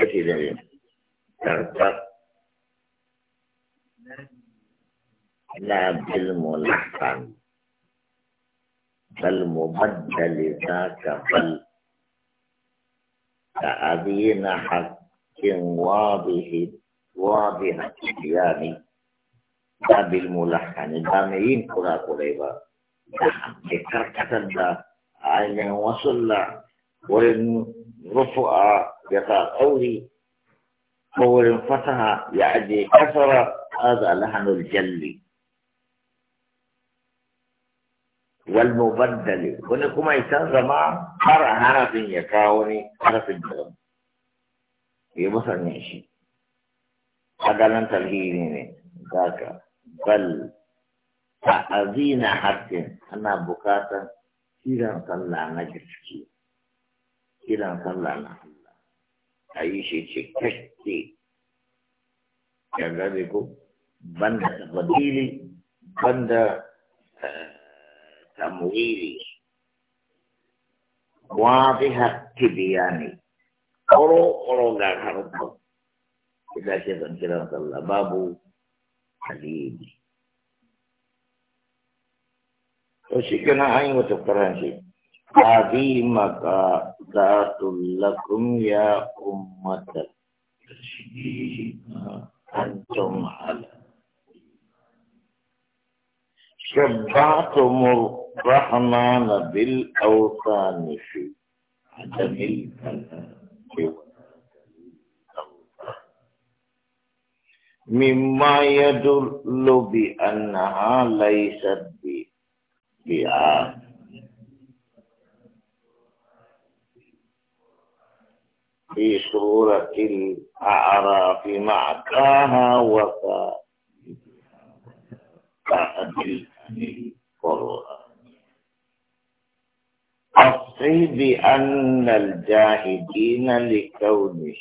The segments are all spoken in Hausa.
kashi da ne tartar لا بالملحن بل مبدل ذاك بل تأذين حق واضح واضح يعني لا بالملحن دامين كرا قريبا ذكر كتن دا وصل ورن رفع يقال sa tsauri ko wurin fasaha هذا لحن الجلي والمبدل هنا كما يتنزى مع قرع هرف يكاوني هرف الجلم يبصر نعشي هذا لن تلهيني ذاك بل تأذين حتى أنا بكاتا كيرا نطلع نجف كيرا نطلع نحن a yi shi cikakke yan gane ko banda tafadili banda eh, tamwili wadiha tibiyani oro oro ga harfa kita ce ban kira sallah babu halili to shi kana an yi wata faranshi عظيمك ذات لكم يا أمة أنتم على شبعتم الرحمن بالأوثان في عدم مما يدل بأنها ليست بعاد في سورة الأعراف مع كاها وكا بعد القرآن أفصي بأن الجاهدين لكونه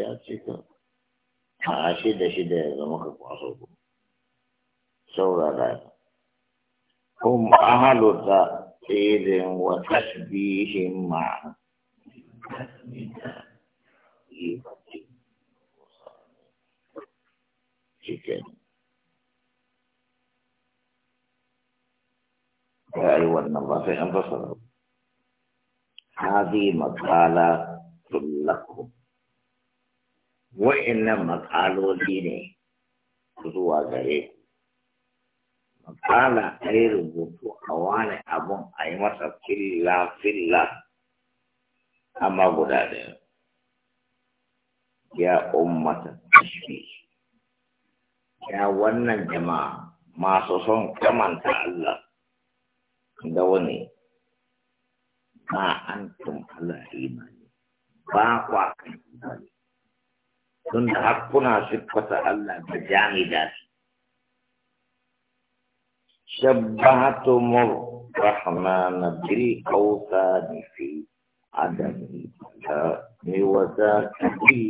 ya cika a shida shida ya zama ka هم أهل تأثير وتشبيه مع شكرا أيوة النظافة في أنفسهم هذه مقالة لكم وإن مقالوا ديني زوا غريب Kala a yi rubutu a wani abun a yi masa filla filla amma guda ɗaya. Ya ummata tashfi. Ya wannan jama'a masu son kamanta Allah da wani ba an tun Allah imani ba kwa kan imani. Tun da har kuna siffata Allah da jami'a syabbahatumur rahman bil awsani fi adam ta miwaza bi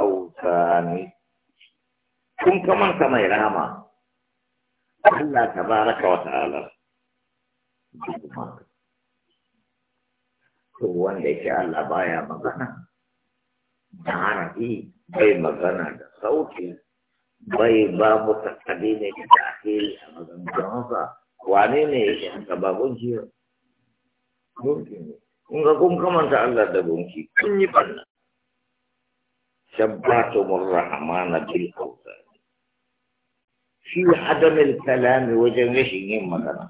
awsani kun kama kama rahama Allah tabaraka wa ta'ala to wanda yake Allah baya magana da harafi bai magana da sauke. bai babu mu tattali ne da ta'khiri a maganganunsa wane ne yake haka ba gunki ba gunki ne kun ga kun kamanta Allah da gunki kun yi banna shabbatumur rahmana bil awsan fi adamil kalami wajen rashin yin magana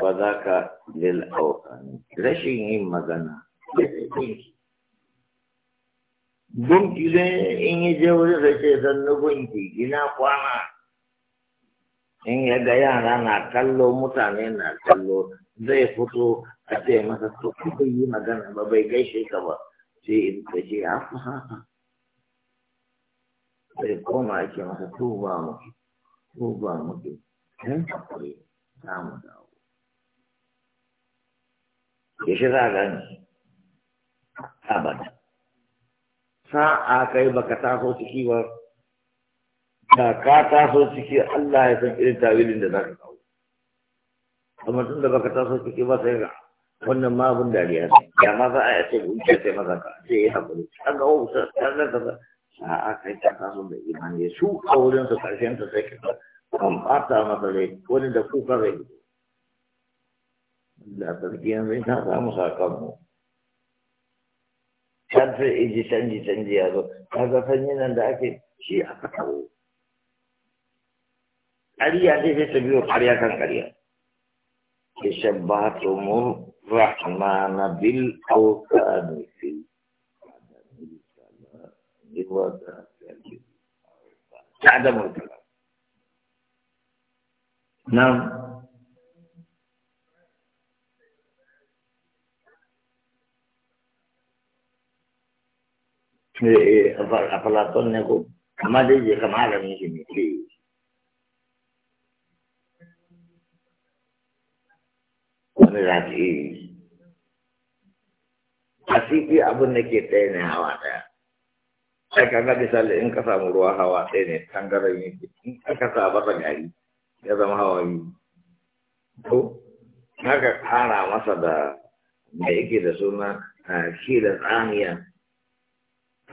ba za ka lil awsan rashin yin magana gunki gunki ne in yi je wurin sai ce sannu gunki gina kwana in ya ga yara na kallo mutane na kallo zai fito a ce masa to bai yi magana ba bai gaishe ka ba sai in ka ce ya fi haka sai koma ake masa tuba muke tuba muke ɗan hakuri za mu dawo ya shi za gani a abada sa'a kai baka taso ciki ba da ka taso ciki Allah ya san irin tawilin da zaka kawo amma tun da baka taso ciki ba sai ga wannan ma abin dariya ne ya ma za a yi ce gunce sai maza ka sai ya haƙuri an ga wauta ta ga kaza a kai ta taso da imani su a wurin su karshen ta sai ka kan ɓata masa rai wani da kuka rai da sarki yanzu ta samu sakamako can iji in canji canji ya zo kaga sanyi nan da ake shi a kawo ƙarya dai sai ta biyo ƙarya kan ƙarya تشبهتم الرحمن بالأوثان في عدم الكلام وذاك تعدم Eh, a falaton ne ko amma dai je kama alamin shi ne ke eh. wani rafi asiki abin da ke tsaye ne hawa daya sai kaga misali in ka samu ruwa hawa ɗaya ne tangaran yake in aka sa masa gari ya zama hawa biyu to haka kara masa da da yake da suna shi da tsamiya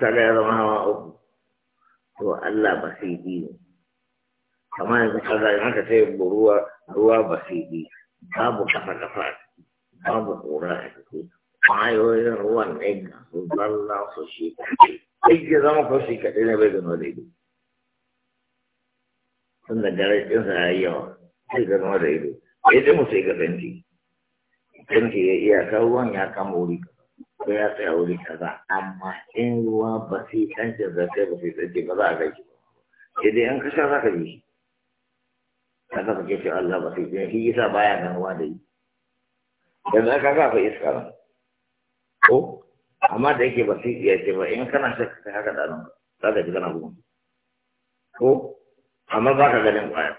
سلام وأم هو الله بسيدي كما يقول هذا أنت سيب هو هو بسيدي باب كفكفات باب قرآن ما يقول هو النجم رضا الله سوشيك أي جزام فسيك أنا بدون هذه ثم جريت إنسا أيها سيكون هذه إذا مسيكة بنتي بنتي يا كوان يا كموري كفا ko ya tsaya wuri kaza amma in ruwa ba su yi tsancin zafi ba su yi tsancin ba za a gaji sai dai an kasha za ka ji haka kake ce Allah ba su yi shi yasa baya ganuwa da yi yanzu aka kafa iska ba ko amma da yake ba su iya ce ba in kana shakka kai haka da nan za ka ji kana bugun ko amma ba ka ganin kwaya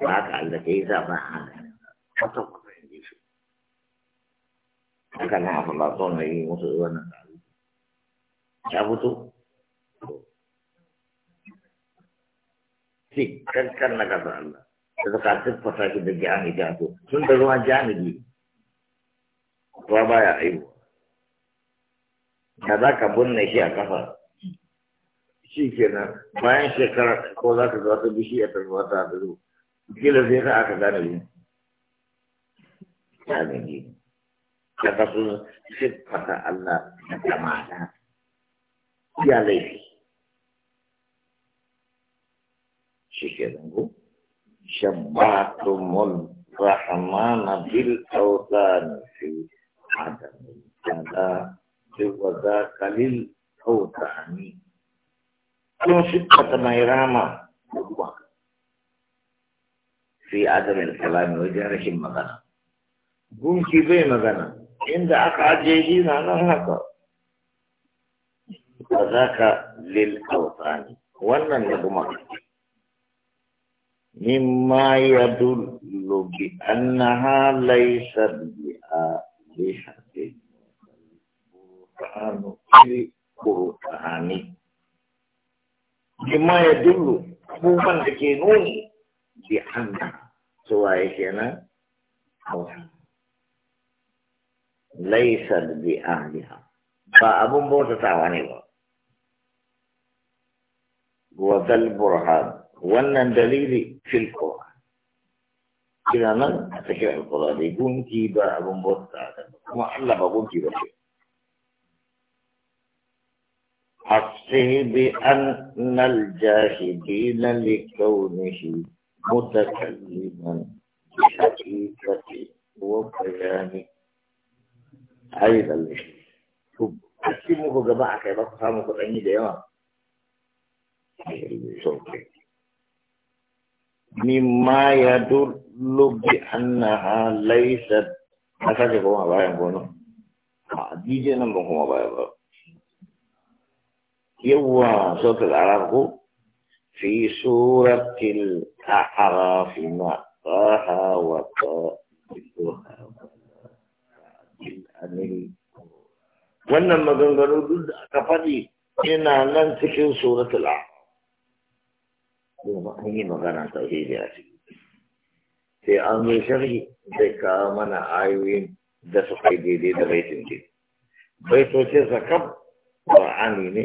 ba ka Allah ke yi sa ba a ganin kwata haka na afalaton na yi musu wannan tsari ya fito shi kankan na gasa Allah da suka siffata shi da jami'i jato sun da ruwan jami'i ruwa baya aiwa da za ka binne shi a kafa shi kenan bayan shekara ko za ka zo ta bishi a tarwa ta zo kila zai ka aka gane ne ya gani kaga sun siffata Allah da kamala ya laifi shi ke zango shabbatumul rahmana bil awtan fi adam kada diwaza kalil awtani sun siffata mai rama da ruwa fi adam al-kalami wajen rashin magana gunki bai magana inda aka ajiye shi na nan haka ba za ka lil autani wannan da kuma mimma ya dullu bi annaha laysa bi a bi hafi qur'anu fi qur'ani mimma ya dullu abubuwan da ke nuni bi anna suwaye kenan autani ليست بأهلها فأبو بوسة تعواني هو وذا البرهان هو دليلي في القرآن كنا من أتكر القرآن يقول كيبا أبو بوسة تعواني وعلا بقول كيبا شيء حسه بأن الجاهدين لكونه متكلما بحقيقة وبيانه ai lalle to cikin muku gaba a kai ba ku samu kuɗin da yawa sauke mimma ya dullu bi annaha laysat na sake koma bayan gona a dije nan ban koma bayan ba yawa sautul arab ko في سورة الأعراف ما طه وطه wannan maganganu duk da aka faɗi yana nan cikin suratul a kuma an yi magana tauhidi a ciki sai an zo sharhi zai kawo mana ayoyin da su kai daidai da baitin ke baitocin sa kam qur'ani ne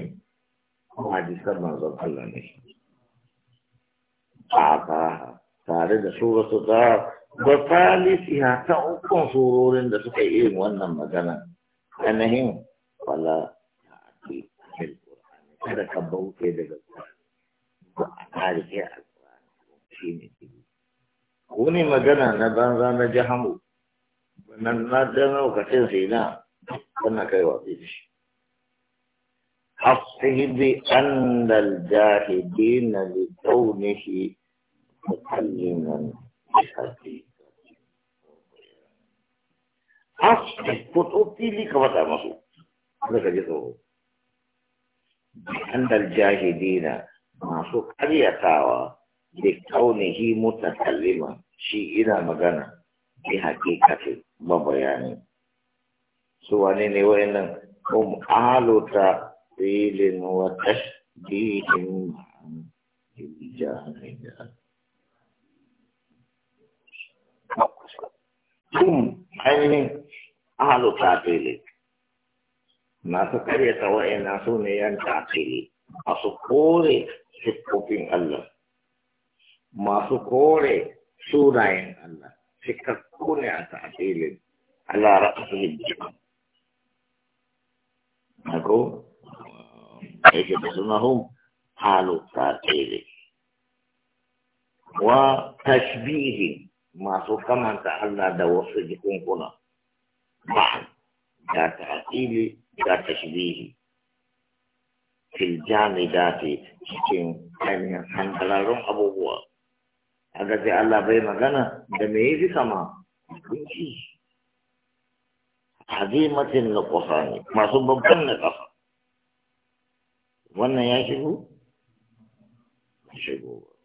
ko hadisan manzon Allah ne a tare da suratul zahar وثالثها تأكون سرور لسكيئين وأن مجانا أنهم ولا تعطي في القرآن هذا كبه كده القرآن وأعطارك يا القرآن شيني كوني مجانا نبانزا نجحمو ما مجانا وكتن سينا كنا كي وطيش حصه بأن الجاهدين لكونه متكلما Asli, foto fili ka masu, daga ji tsoro. Andal jahidina masu karyatawa da kaunihi mutan kalima shi ina magana bi hakikati mabayani. Su wane ne wa'annan um aluta filin wa tashbihin jahidina. sun ainihin ahalu na masu karyata wa'ina su ne yan tafili masu kore siffofin Allah masu kore sunayen Allah cikakku ne a tafilin Allah ra'asul jikin ako yake eh, da sunahum halu tafili wa tashbihin masu kamanta Allah da wasu jikunkuna ba da ta'ili da ta tashbihi fil ta cikin ainihin hankalarun abubuwa a sai Allah bai magana da me fi kama kunci azimatin na ne masu babban na kafa wannan ya shigo shigo